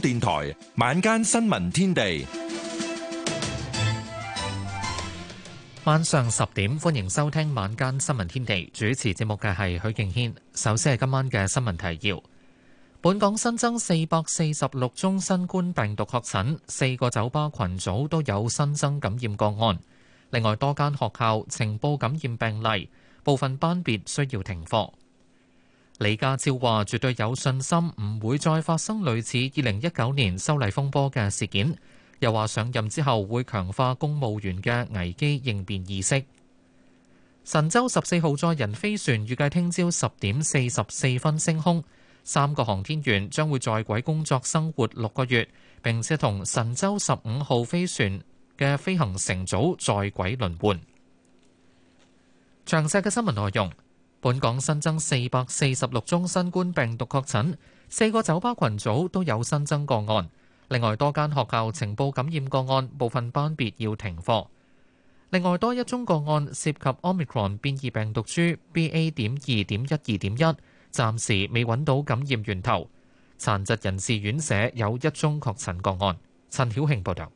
電台晚，晚間新聞天地，晚上十點歡迎收聽晚間新聞天地。主持節目嘅係許敬軒。首先係今晚嘅新聞提要：本港新增四百四十六宗新冠病毒確診，四個酒吧群組都有新增感染個案，另外多間學校呈報感染病例，部分班別需要停課。李家超話：絕對有信心，唔會再發生類似二零一九年修例風波嘅事件。又話上任之後會強化公務員嘅危機應變意識。神舟十四號載人飛船預計聽朝十點四十四分升空，三個航天員將會在軌工作生活六個月，並且同神舟十五號飛船嘅飛行乘組在軌輪換。詳細嘅新聞內容。本港新增四百四十六宗新冠病毒確診，四個酒吧群組都有新增個案。另外多間學校情報感染個案，部分班別要停課。另外多一宗個案涉及 Omicron 變異病毒株 BA. 點二點一二點一，暫時未揾到感染源頭。殘疾人士院舍有一宗確診個案。陳曉慶報道。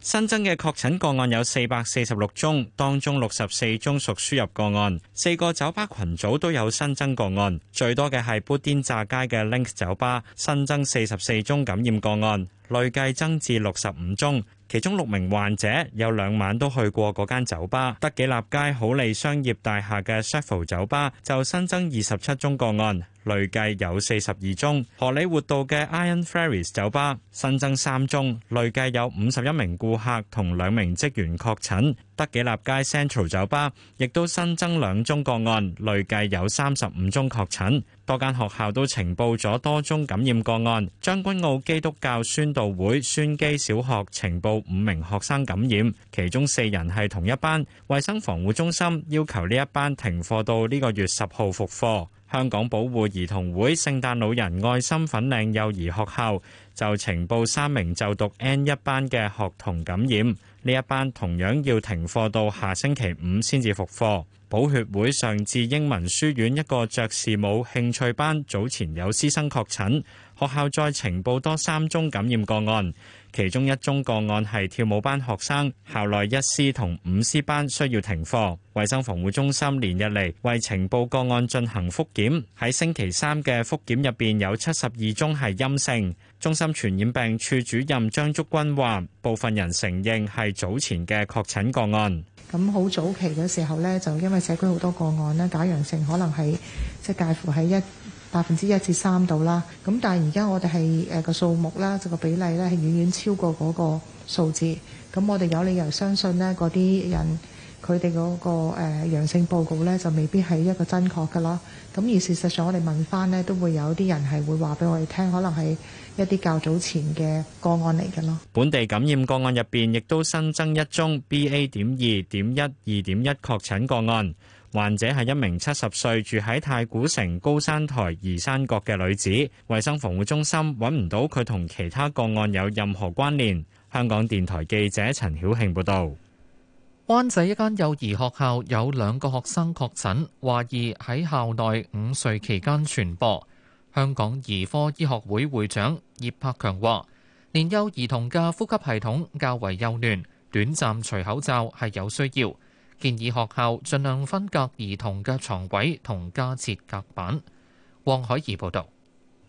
新增嘅確診個案有四百四十六宗，當中六十四宗屬輸入個案。四個酒吧群組都有新增個案，最多嘅係砵甸乍街嘅 Link 酒吧，新增四十四宗感染個案，累計增至六十五宗。其中六名患者有兩晚都去過嗰間酒吧。德己立街好利商業大廈嘅 Shuffle 酒吧就新增二十七宗個案。累計有四十二宗。荷里活道嘅 Iron Fairies 酒吧新增三宗，累計有五十一名顧客同兩名職員確診。德己立街 Central 酒吧亦都新增兩宗個案，累計有三十五宗確診。多間學校都呈報咗多宗感染個案，將軍澳基督教宣道會宣基小學呈報五名學生感染，其中四人係同一班。衛生防護中心要求呢一班停課到呢個月十號復課。香港保護兒童會聖誕老人愛心粉嶺幼兒學校就呈報三名就讀 N 一班嘅學童感染，呢一班同樣要停課到下星期五先至復課。寶血會上智英文書院一個爵士舞興趣班早前有師生確診，學校再呈報多三宗感染個案。其中一宗個案係跳舞班學生，校內一師同五師班需要停課。衛生防護中心連日嚟為呈報個案進行復檢，喺星期三嘅復檢入邊有七十二宗係陰性。中心傳染病處主任張竹君話：部分人承認係早前嘅確診個案。咁好早期嘅時候呢，就因為社區好多個案呢假陽性，可能係即係介乎喺一百分之一至三度啦，咁但係而家我哋係誒個數目啦，就個比例咧係遠遠超過嗰個數字，咁我哋有理由相信呢嗰啲人佢哋嗰個誒、呃、陽性報告咧就未必係一個真確嘅咯，咁而事實上我哋問翻呢都會有啲人係會話俾我哋聽，可能係一啲較早前嘅個案嚟嘅咯。本地感染個案入邊亦都新增一宗 BA.2.12.1 確診個案。患者係一名七十歲住喺太古城高山台怡山閣嘅女子，衞生防護中心揾唔到佢同其他個案有任何關聯。香港電台記者陳曉慶報道，灣仔一間幼兒學校有兩個學生確診，懷疑喺校內午睡期間傳播。香港兒科醫學會會長葉柏強話：年幼兒童嘅呼吸系統較為幼嫩，短暫除口罩係有需要。建議學校盡量分隔兒童嘅床位，同加設隔板。黃海怡報導。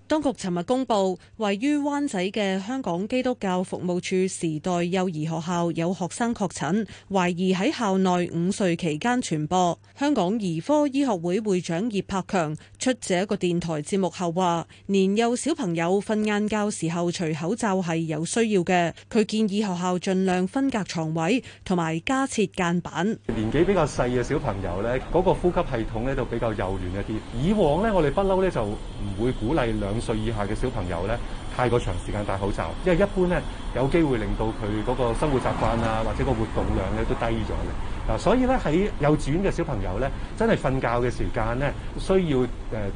當局尋日公布，位於灣仔嘅香港基督教服務處時代幼兒學校有學生確診，懷疑喺校內午睡期間傳播。香港兒科醫學會會長葉柏強出席一個電台節目後話：年幼小朋友瞓晏覺時候除口罩係有需要嘅，佢建議學校盡量分隔床位同埋加設間板。年紀比較細嘅小朋友呢，嗰、那個呼吸系統呢就比較幼嫩一啲。以往呢，我哋不嬲呢就唔會鼓勵兩歲以下嘅小朋友咧，太過長時間戴口罩，因為一般咧有機會令到佢嗰個生活習慣啊，或者個活動量咧都低咗嘅。嗱，所以咧喺幼稚園嘅小朋友咧，真係瞓覺嘅時間咧，需要誒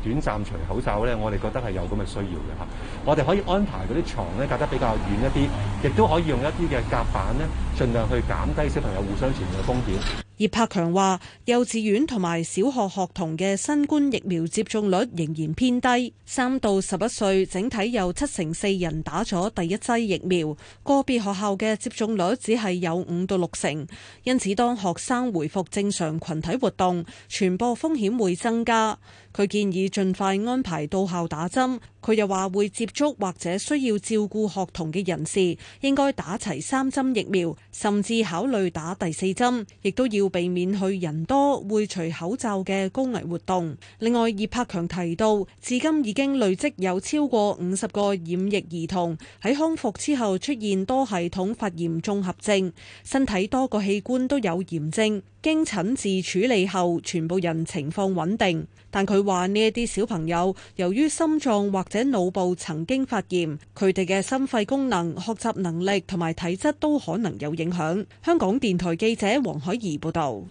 短暫除口罩咧，我哋覺得係有咁嘅需要嘅嚇。我哋可以安排嗰啲床咧隔得比較遠一啲，亦都可以用一啲嘅夾板咧，盡量去減低小朋友互相傳入嘅風險。葉柏強話，幼稚園同埋小學學童嘅新冠疫苗接種率仍然偏低，三到十一歲整體有七成四人打咗第一劑疫苗，個別學校嘅接種率只係有五到六成，因此當學生回復正常群體活動，傳播風險會增加。佢建議盡快安排到校打針。佢又話會接觸或者需要照顧學童嘅人士，應該打齊三針疫苗，甚至考慮打第四針，亦都要避免去人多會除口罩嘅高危活動。另外，葉柏強提到，至今已經累積有超過五十個染疫兒童，喺康復之後出現多系統發炎綜合症，身體多個器官都有炎症。經診治處理後，全部人情況穩定。但佢話呢一啲小朋友由於心臟或者腦部曾經發炎，佢哋嘅心肺功能、學習能力同埋體質都可能有影響。香港電台記者黃海怡報導。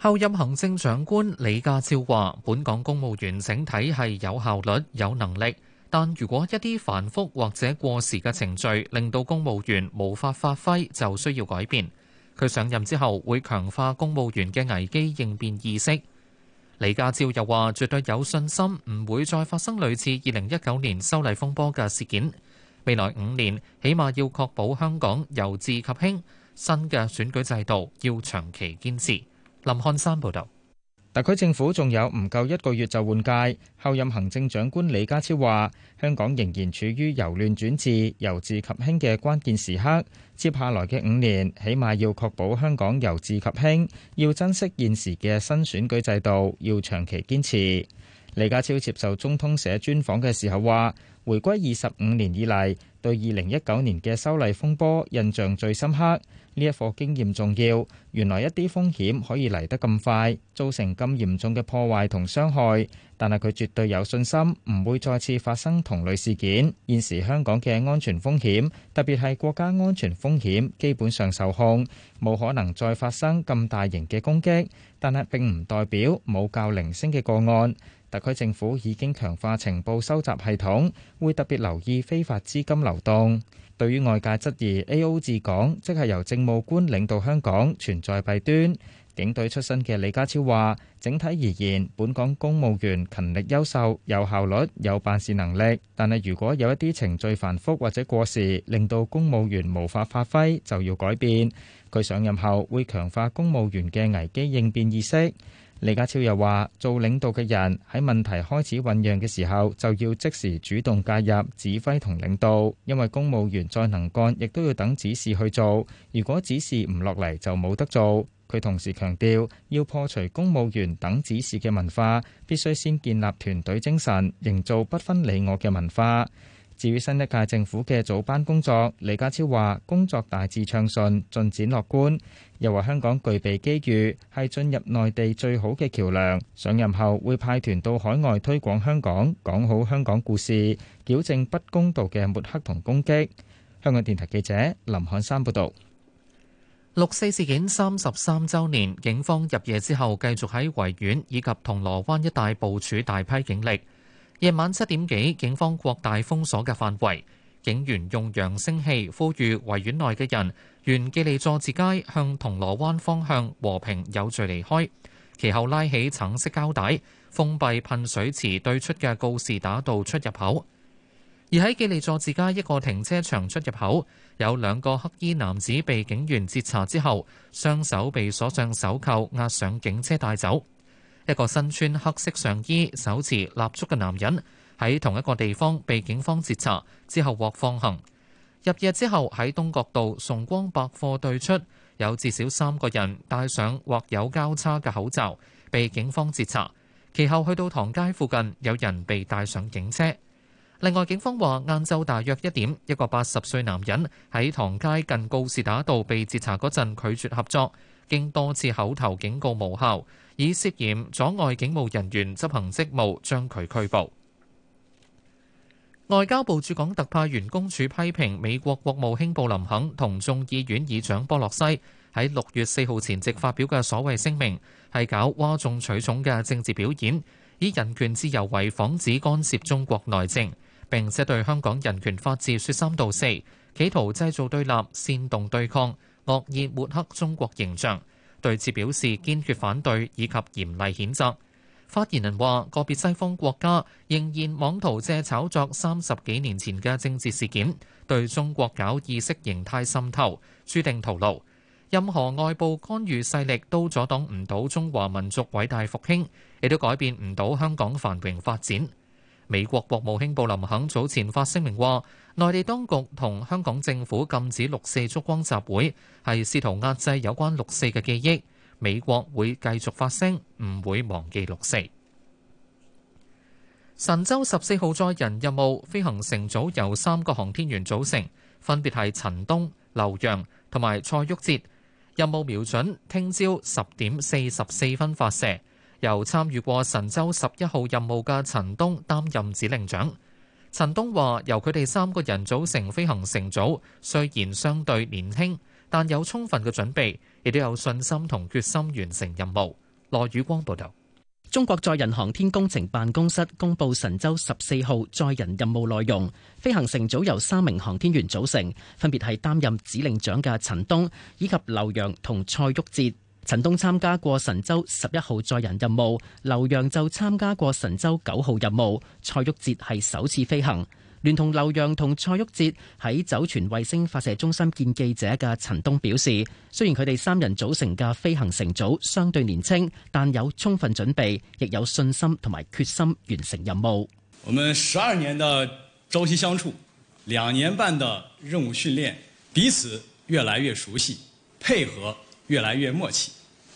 候任行政長官李家超話，本港公務員整體係有效率、有能力，但如果一啲繁複或者過時嘅程序令到公務員無法發揮，就需要改變。佢上任之後會強化公務員嘅危機應變意識。李家超又話：絕對有信心，唔會再發生類似二零一九年修例風波嘅事件。未來五年，起碼要確保香港由治及興，新嘅選舉制度要長期堅持。林漢山報導。特區政府仲有唔夠一個月就換屆，後任行政長官李家超話：香港仍然處於由亂轉治、由治及興嘅關鍵時刻，接下來嘅五年，起碼要確保香港由治及興，要珍惜現時嘅新選舉制度，要長期堅持。李家超接受中通社專訪嘅時候話：回歸二十五年以嚟，對二零一九年嘅修例風波印象最深刻。呢一課經驗重要，原來一啲風險可以嚟得咁快，造成咁嚴重嘅破壞同傷害。但係佢絕對有信心，唔會再次發生同類事件。現時香港嘅安全風險，特別係國家安全風險，基本上受控，冇可能再發生咁大型嘅攻擊。但係並唔代表冇較零星嘅個案。特區政府已經強化情報收集系統，會特別留意非法資金流動。對於外界質疑 AO 治港，即係由政務官領導香港，存在弊端。警隊出身嘅李家超話：「整體而言，本港公務員勤力優秀、有效率、有辦事能力。但係如果有一啲程序繁複或者過時，令到公務員無法發揮，就要改變。」佢上任後會強化公務員嘅危機應變意識。李家超又話：做領導嘅人喺問題開始醞釀嘅時候，就要即時主動介入、指揮同領導，因為公務員再能幹，亦都要等指示去做。如果指示唔落嚟，就冇得做。佢同時強調，要破除公務員等指示嘅文化，必須先建立團隊精神，營造不分你我嘅文化。至於新一屆政府嘅組班工作，李家超話：工作大致暢順，進展樂觀。又話香港具備機遇，係進入內地最好嘅橋梁。上任後會派團到海外推廣香港，講好香港故事，矯正不公道嘅抹黑同攻擊。香港電台記者林漢山報導。六四事件三十三週年，警方入夜之後繼續喺維園以及銅鑼灣一帶部署大批警力。夜晚七點幾，警方擴大封鎖嘅範圍，警員用揚聲器呼籲維園內嘅人沿記利佐治街向銅鑼灣方向和平有序離開。其後拉起橙色膠帶，封閉噴水池對出嘅告士打道出入口。而喺記利佐治街一個停車場出入口，有兩個黑衣男子被警員截查之後，雙手被鎖上手銬，押上警車帶走。一個身穿黑色上衣、手持蠟燭嘅男人喺同一個地方被警方截查，之後獲放行。入夜之後，喺東角道崇光百貨對出，有至少三個人戴上或有交叉嘅口罩，被警方截查。其後去到糖街附近，有人被帶上警車。另外，警方話晏晝大約一點，一個八十歲男人喺糖街近告士打道被截查嗰陣，拒絕合作。經多次口頭警告無效，以涉嫌阻礙警務人員執行職務，將佢拘捕。外交部駐港特派員公署批評美國國務卿布林肯同眾議院議長波洛西喺六月四號前夕發表嘅所謂聲明，係搞嘩眾取寵嘅政治表演，以人權自由為幌子干涉中國內政，並且對香港人權法治說三道四，企圖製造對立、煽動對抗。惡意抹黑中國形象，對此表示堅決反對以及嚴厲譴責。發言人話：個別西方國家仍然妄圖借炒作三十幾年前嘅政治事件，對中國搞意識形態滲透，註定徒勞。任何外部干預勢力都阻擋唔到中華民族偉大復興，亦都改變唔到香港繁榮發展。美國國務卿布林肯早前發聲明話，內地當局同香港政府禁止六四燭光集會，係試圖壓制有關六四嘅記憶。美國會繼續發聲，唔會忘記六四。神舟十四號載人任務飛行乘組由三個航天員組成，分別係陳冬、劉洋同埋蔡旭哲。任務瞄準，聽朝十點四十四分發射。由參與過神舟十一號任務嘅陳冬擔任指令長。陳冬話：由佢哋三個人組成飛行乘組，雖然相對年輕，但有充分嘅準備，亦都有信心同決心完成任務。羅宇光報導。中國載人航天工程辦公室公布神舟十四號載人任務內容，飛行乘組由三名航天員組成，分別係擔任指令長嘅陳冬，以及劉洋同蔡旭哲。陳東參加過神舟十一號載人任務，劉洋就參加過神舟九號任務，蔡旭哲係首次飛行。聯同劉洋同蔡旭哲喺酒泉衛星發射中心見記者嘅陳東表示，雖然佢哋三人組成嘅飛行乘組相對年輕，但有充分準備，亦有信心同埋決心完成任務。我們十二年的朝夕相處，兩年半的任務訓練，彼此越來越熟悉，配合越來越默契。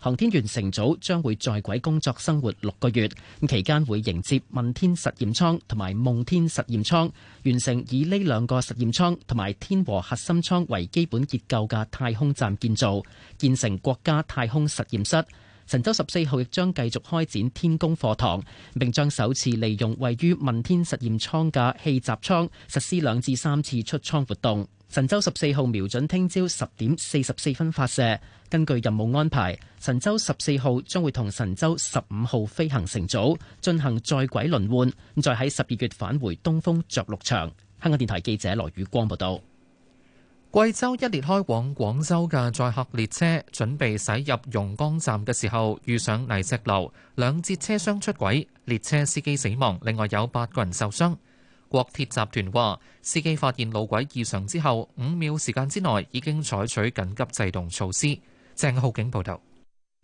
航天員乘組將會在軌工作生活六個月，期間會迎接問天實驗艙同埋夢天實驗艙，完成以呢兩個實驗艙同埋天和核心艙為基本結構嘅太空站建造，建成國家太空實驗室。神舟十四號亦將繼續開展天宮課堂，並將首次利用位於問天實驗艙嘅氣閘艙實施兩至三次出艙活動。神舟十四號瞄準聽朝十點四十四分發射。根據任務安排，神舟十四號將會同神舟十五號飛行乘組進行在軌輪換，再喺十二月返回東風着陸場。香港電台記者羅宇光報道。貴州一列開往廣州嘅載客列車準備駛入榕江站嘅時候，遇上泥石流，兩節車廂出軌，列車司機死亡，另外有八個人受傷。國鐵集團話，司機發現路軌異常之後，五秒時間之內已經採取緊急制動措施。鄭浩景報道。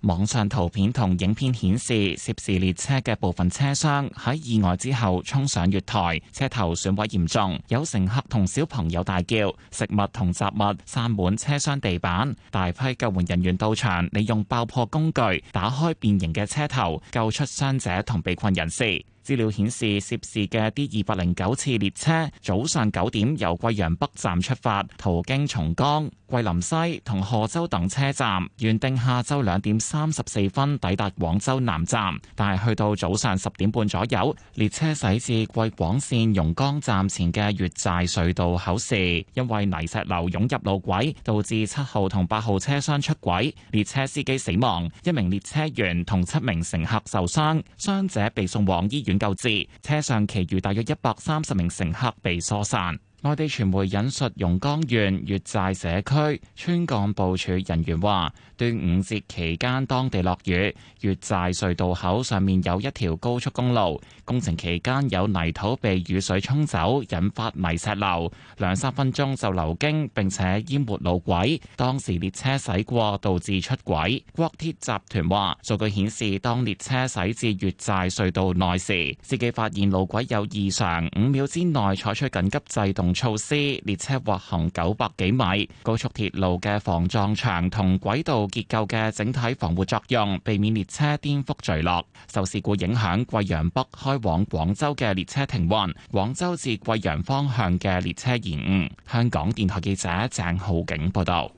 網上圖片同影片顯示，涉事列車嘅部分車廂喺意外之後沖上月台，車頭損毀嚴重，有乘客同小朋友大叫，食物同雜物散滿車廂地板，大批救援人員到場，利用爆破工具打開變形嘅車頭，救出傷者同被困人士。資料顯示，涉事嘅 D 二百零九次列車早上九點由貴陽北站出發，途經從江、桂林西同賀州等車站，原定下晝兩點三十四分抵達廣州南站。但係去到早上十點半左右，列車駛至貴廣線榕江站前嘅越寨隧道口時，因為泥石流湧入路軌，導致七號同八號車廂出軌，列車司機死亡，一名列車員同七名乘客受傷，傷者被送往醫院。救治，車上其餘大約一百三十名乘客被疏散。內地傳媒引述榕江縣越寨社區村幹部處人員話：端午節期間當地落雨，越寨隧道口上面有一條高速公路，工程期間有泥土被雨水沖走，引發泥石流，兩三分鐘就流經並且淹沒路軌，當時列車駛過導致出軌。國鐵集團話：數據顯示，當列車駛至越寨隧道內時，司機發現路軌有異常，五秒之內採取緊急制動。措施，列車滑行九百幾米，高速鐵路嘅防撞牆同軌道結構嘅整體防護作用，避免列車顛覆墜落。受事故影響，貴陽北開往廣州嘅列車停運，廣州至貴陽方向嘅列車延誤。香港電台記者鄭浩景報道。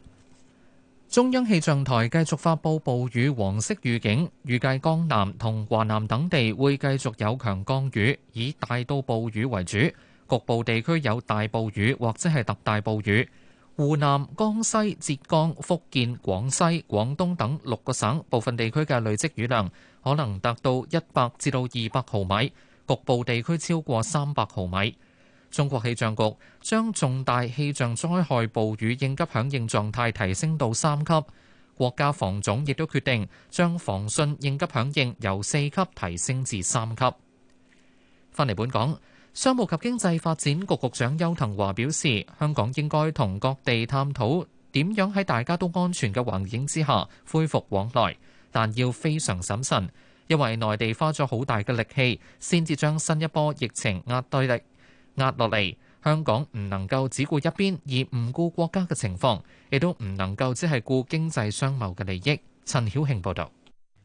中央氣象台繼續發布暴雨黃色預警，預計江南同華南等地會繼續有強降雨，以大到暴雨為主。局部地區有大暴雨或者係特大暴雨，湖南、江西、浙江、福建、廣西、廣東等六個省部分地區嘅累積雨量可能達到一百至到二百毫米，局部地區超過三百毫米。中國氣象局將重大氣象災害暴雨應急響應狀態提升到三級，國家防總亦都決定將防汛應急響應由四級提升至三級。翻嚟本港。商務及經濟發展局局長邱騰華表示，香港應該同各地探討點樣喺大家都安全嘅環境之下恢復往來，但要非常審慎，因為內地花咗好大嘅力氣，先至將新一波疫情壓低、力壓落嚟。香港唔能夠只顧一邊而唔顧國家嘅情況，亦都唔能夠只係顧經濟商貿嘅利益。陳曉慶報導。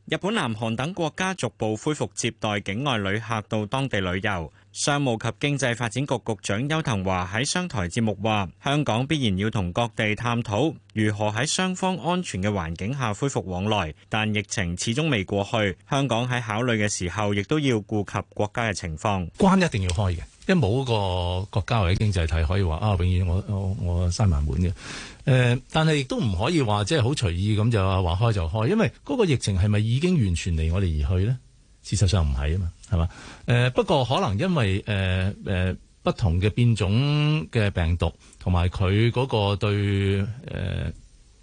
日本、南韓等國家逐步恢復接待境外旅客到當地旅遊。商務及經濟發展局局長邱騰華喺商台節目話：香港必然要同各地探討如何喺雙方安全嘅環境下恢復往來，但疫情始終未過去，香港喺考慮嘅時候亦都要顧及國家嘅情況。關一定要開嘅。即係冇個國家或者經濟體可以話啊，永遠我我我閂埋門嘅。誒、呃，但係亦都唔可以話即係好隨意咁就話開就開，因為嗰個疫情係咪已經完全離我哋而去咧？事實上唔係啊嘛，係嘛？誒、呃，不過可能因為誒誒、呃呃、不同嘅變種嘅病毒同埋佢嗰個對誒、呃、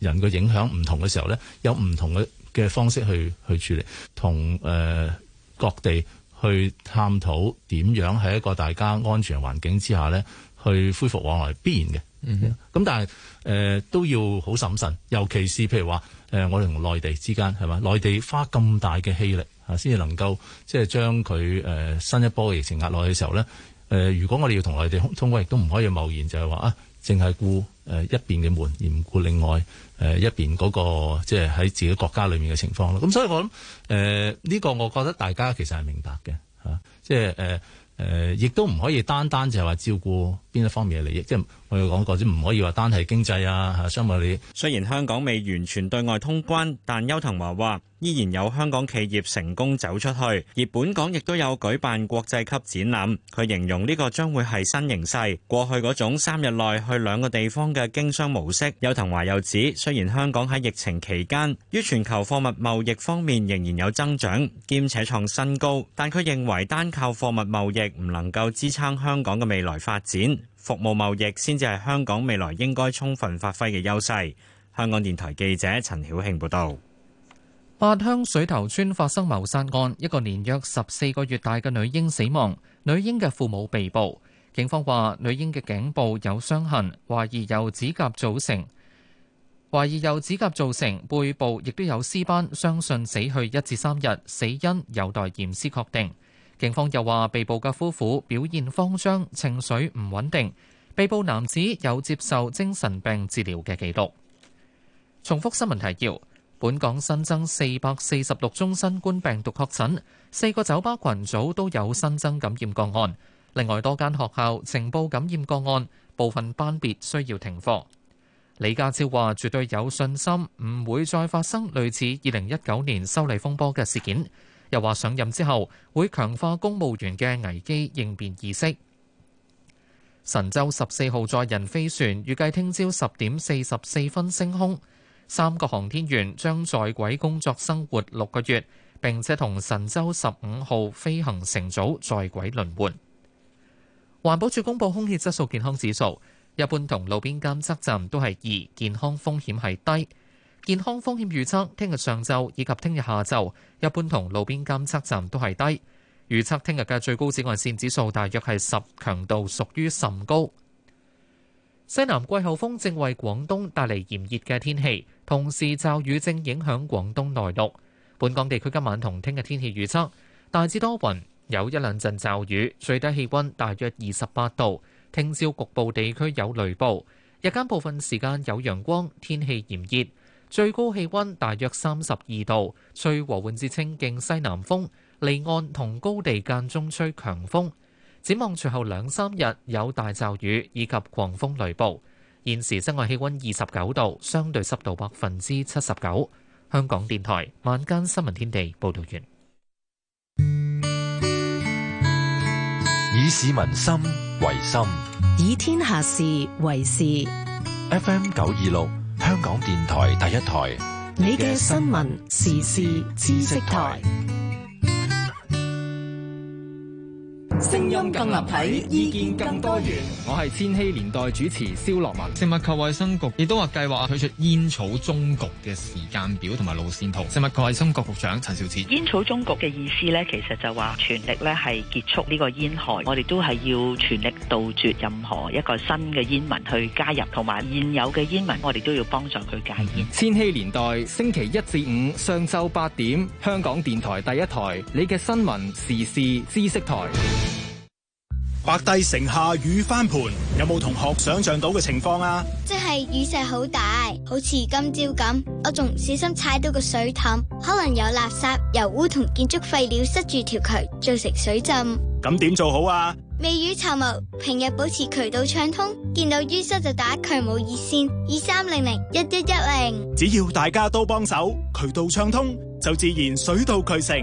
人嘅影響唔同嘅時候咧，有唔同嘅嘅方式去去處理，同誒、呃、各地。去探討點樣喺一個大家安全環境之下咧，去恢復往來必然嘅。嗯、mm，咁、hmm. 但係誒、呃、都要好審慎，慎，尤其是譬如話誒、呃、我哋同內地之間係嘛，內地花咁大嘅氣力啊，先至能夠即係將佢誒、呃、新一波嘅疫情壓落去嘅時候咧，誒、呃、如果我哋要同內地通關，亦都唔可以貿然就係、是、話啊。淨係顧誒一邊嘅門，而唔顧另外誒一邊嗰個即係喺自己國家裏面嘅情況咯。咁所以我諗誒呢個，我覺得大家其實係明白嘅嚇，即係誒誒，亦都唔可以單單就係話照顧邊一方面嘅利益，即係。我要講過，即係唔可以話單係經濟啊！哈，相比你雖然香港未完全對外通關，但邱騰華話依然有香港企業成功走出去，而本港亦都有舉辦國際級展覽。佢形容呢個將會係新形勢，過去嗰種三日內去兩個地方嘅經商模式。邱騰華又指，雖然香港喺疫情期間於全球貨物貿易方面仍然有增長，兼且創新高，但佢認為單靠貨物貿易唔能夠支撐香港嘅未來發展。服務貿易先至係香港未來應該充分發揮嘅優勢。香港電台記者陳曉慶報道：八鄉水頭村發生謀殺案，一個年約十四個月大嘅女嬰死亡，女嬰嘅父母被捕。警方話女嬰嘅頸部有傷痕，懷疑由指甲造成。懷疑由指甲造成，背部亦都有屍斑，相信死去一至三日，死因有待驗屍確定。警方又話，被捕嘅夫婦表現慌張，情緒唔穩定。被捕男子有接受精神病治療嘅記錄。重複新聞提要：本港新增四百四十六宗新冠病毒確診，四個酒吧群組都有新增感染個案。另外，多間學校呈報感染個案，部分班別需要停課。李家超話：絕對有信心，唔會再發生類似二零一九年修例風波嘅事件。又話上任之後會強化公務員嘅危機應變意識。神舟十四號載人飛船預計聽朝十點四十四分升空，三個航天員將在軌工作生活六個月，並且同神舟十五號飛行乘組在軌輪換。環保署公布空氣質素健康指數，一般同路邊監測站都係二，健康風險係低。健康風險預測：聽日上晝以及聽日下晝，一般同路邊監測站都係低。預測聽日嘅最高紫外線指數大約係十強，強度屬於甚高。西南季候風正為廣東帶嚟炎熱嘅天氣，同時驟雨正影響廣東內陸。本港地區今晚同聽日天氣預測：大致多雲，有一兩陣驟雨，最低氣温大約二十八度。聽朝局，局部地區有雷暴，日間部分時間有陽光，天氣炎熱。最高氣溫大約三十二度，吹和緩至清勁西南風，離岸同高地間中吹強風。展望隨後兩三日有大驟雨以及狂風雷暴。現時室外氣溫二十九度，相對濕度百分之七十九。香港電台晚間新聞天地報道完。以市民心為心，以天下事為事。FM 九二六。香港電台第一台，你嘅新聞時事知識台。聲音更立體，意見更多元。我係千禧年代主持蕭樂文。食物及衛生局亦都話計劃啊推出煙草終局嘅時間表同埋路線圖。食物及衛生局局，局長陳肇始，煙草終局嘅意思咧，其實就話全力咧係結束呢個煙害。我哋都係要全力杜絕任何一個新嘅煙民去加入，同埋現有嘅煙民，我哋都要幫助佢戒煙。千禧年代星期一至五上晝八點，香港電台第一台，你嘅新聞時事知識台。白帝城下雨翻盆，有冇同學想象到嘅情況啊？即係雨勢好大，好似今朝咁。我仲唔小心踩到個水凼，可能有垃圾、油污同建築廢料塞住條渠，造成水浸。咁點做好啊？未雨綢繆，平日保持渠道暢通，見到淤塞就打渠務熱線二三零零一一一零。只要大家都幫手，渠道暢通就自然水到渠成。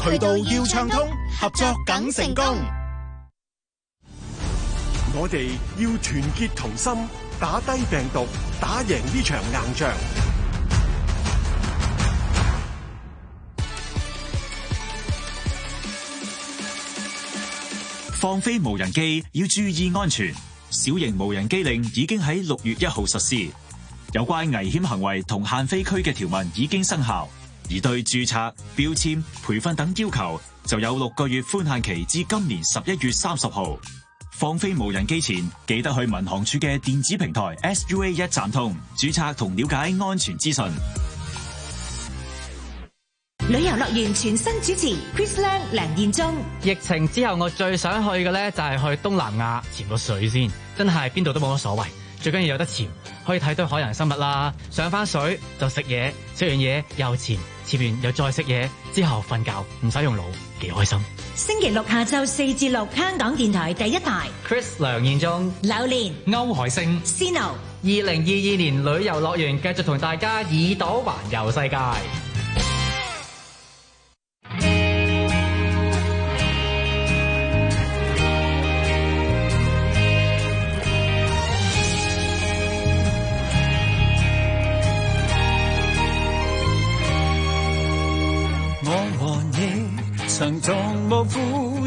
渠道要暢通，合作梗成功。我哋要團結同心，打低病毒，打贏呢場硬仗。放飛無人機要注意安全。小型無人機令已經喺六月一號實施，有關危險行為同限飛區嘅條文已經生效，而對注冊、標籤、培訓等要求就有六個月寬限期，至今年十一月三十號。放飛無人機前，記得去民航處嘅電子平台 SUA 一站通注冊同了解安全資訊。旅遊樂園全新主持 Chris Lam 梁梁彥中。疫情之後，我最想去嘅咧就係去東南亞潛個水先，真係邊度都冇乜所謂，最緊要有得潛，可以睇到海洋生物啦。上翻水就食嘢，食完嘢又潛，潛完又再食嘢，之後瞓覺，唔使用腦，幾開心。星期六下晝四至六，香港電台第一台。Chris 梁彥宗、柳蓮連、歐海星、Cino，二零二二年旅遊樂園繼續同大家耳朵環遊世界。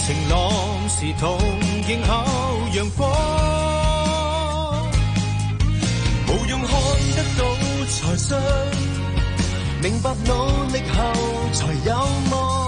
晴朗是同迎候陽光，無用看得到才信，明白努力後才有望。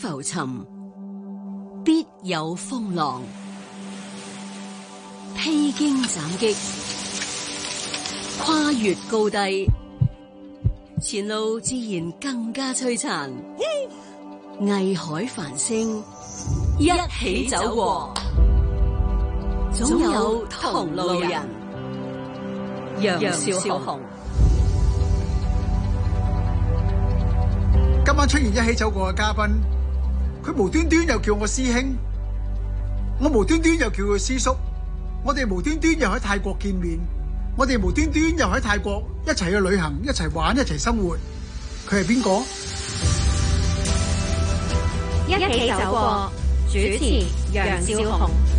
浮沉必有風浪，披荊斬棘，跨越高低，前路自然更加璀璨。藝海繁星，一起走過，總有同路人。楊少雄，今晚出現一起走過嘅嘉賓。佢無端端又叫我師兄，我無端端又叫佢師叔，我哋無端端又喺泰國見面，我哋無端端又喺泰國一齊去旅行，一齊玩，一齊生活，佢係邊個？一起走過，主持楊兆鴻。